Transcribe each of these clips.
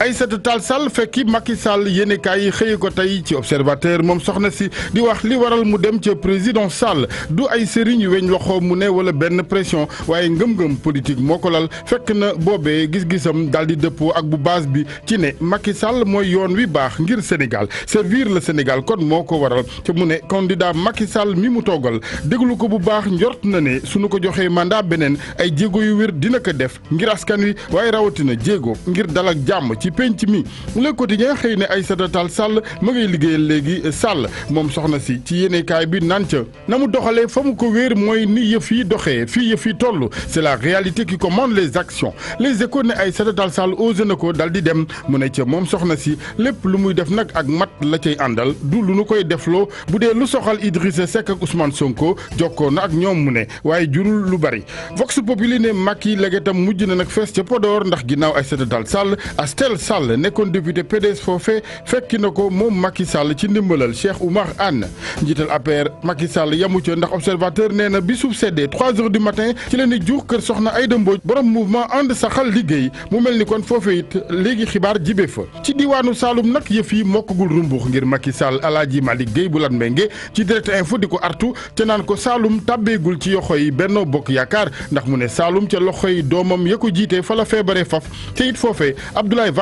ay set Tall Sall fekki Macky sàll yéenekaay yi xëyee ko tey ci observateur moom soxna si di wax li waral mu dem ca président Sall du ay sëriñ yu weñ loxo mu ne wala benn pression waaye ngëm-ngëm politique moo ko lal fekk na boobee gis-gisam daal di dëppoo ak bu base bi ci ne Macky Sall mooy yoon wi baax ngir Sénégal servir la Sénégal kon moo ko waral te mu ne candidat Macky sàll mi mu toggal déglu ko bu baax njort na ne suñu ko joxee mandat beneen ay jéego yu wér dina ko def ngir askan wi waaye rawatina jéego ngir dal ak jàmm ci penc mi le quotidien xëy na ay Tall Sall ma ngay liggéeyal léegi Sall moom soxna si ci yéenekaay bi naan ca na mu doxalee fa mu ko wéer mooy ni yëf yi doxee fii yëf yi toll c'est la réalité qui commande les actions les échos ne Aïssata Tall Sall osé na ko dal di dem mu ne ca moom soxna si lépp lu muy def nag ak mat la cay àndal du lu nu koy defloo bu dee lu soxal Idrissa Seck ak Ousmane Sonko jokkoo na ak ñoom mu ne waaye junul lu bari Vox Populi ne Macky legetam mujj na nag fees ca ndax ginnaaw Aïssata Tall Sall Marcel Sall nekkoon député PDS foofe fekki na ko moom Macky Sall ci ndimbalal Cheikh Oumar Anne njiital APR Macky Sall yamu ca ndax observateur nee na bi suuf seddee 3 heures du matin ci leen di juux kër soxna Aïda Mbodj borom mouvement ànd saxal liggéey mu mel ni kon foofe it léegi xibaar jibe fa ci diwaanu Saloum nag yëf yi mokkagul rumbux ngir Macky Sall alaaji Malick Gueye bu lan mbenge ci direct info di ko artu te naan ko saalum tàbbeegul ci yoxo yi Benno Bokk Yaakaar ndax mu ne Saloum ca loxo yi doomam ya ko jiite fa la feebaree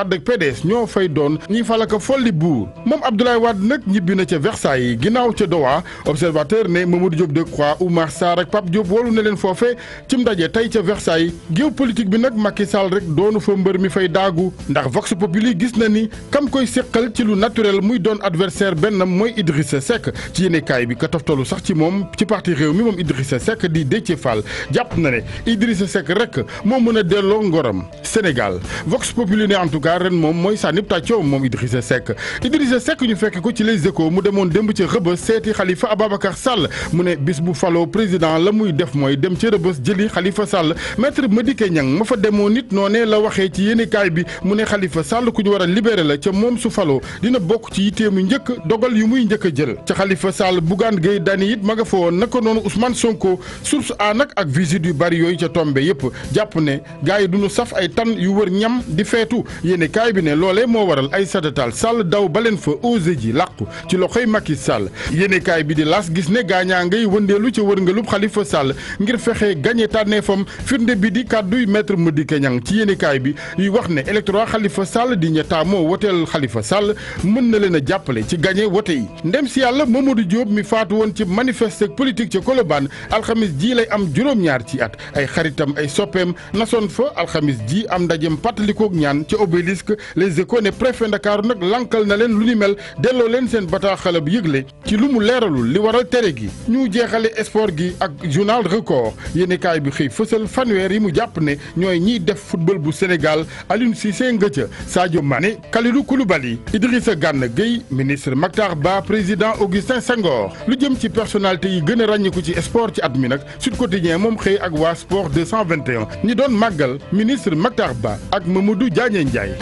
Wade ak PDS ñoo fay doon ñi falaka folli buur moom Abdoulaye Wade nag ñibbi na ca Versailles ginnaaw ca Doha observateur ne Mamadou Diop Decroix Oumar Sarr ak Pape Diop wolu na leen foofe ci ndaje tey ca Versailles géopolitique bi nag Macky Sall rek doonu fa mbër mi fay daagu ndax Vox Populi gis na ni kam koy séqal ci lu naturel muy doon adversaire benn mooy Idrissa Seck ci yéenekaay bi ka toftalu sax ci moom ci parti réew mi moom Idrissa Seck di Déthié Fall jàpp na ne Idrissa rek moo mën a delloo ngoram Sénégal Dakar ren moom mooy sànnib tàccoo moom Idrissa Seck Idrissa Seck ñu fekk ko ci les échos mu demoon démb ca Rëbës seeti Khalifa Ababacar Sall mu ne bis bu faloo président la muy def mooy dem ca Rëbës jëli Khalifa Sall maître Madické Niang ma fa demoon nit noonee la waxee ci yéenekaay bi mu ne Khalifa Sall ku ñu war a libéré la ca moom su faloo dina bokk ci yitteemu njëkk dogal yu muy njëkk a jël ca Khalifa Sall Bougane Gueye Dany it ma nga fa noonu Ousmane Sonko a yéene kaay bi ne loolee moo waral Aïssata Tall Sall daw baleen fa ose ji làqu ci loxoy Macky Sall yéene kaay bi di las gis ne gaañaa ngay wëndeelu ca wërngalub xalifa Sall ngir fexe gañe tànneefam firnde bi di kàdduy maître Madické Niang ci yéene bi yuy wax ne électorat xalifa Sall di ñettaa moo woteel xalifa Sall mën na leen a jàppale ci gañe wote yi ndem si yàlla Mamadou Diop mi faatu woon ci manifeste politique ca Colobane alxamis ji lay am juróom-ñaar ci at ay xaritam ay soppeem nasoon risque les échos ne préfet Ndakaaru nag lankal na leen lu ni mel delloo leen seen bataaxal bu yëgle ci lu mu leeralul li waral tere gi ñu jeexale sport gi ak journal record kaay bi xëy fësal fanweer yi mu jàpp ne ñooy ñiy def football bu Sénégal Aliou Cissé Ngëca Sadio Mané Kalidou Koulibaly Idrissa Gana Gueye ministre Mactar Ba président Augustin Senghor lu jëm ci personnalité yi gën a ràññiku ci sport ci at mi nag Sud Quotidien moom xëy ak waa sport 221 ñi doon màggal ministre Mactar Ba ak Mamadou Diagne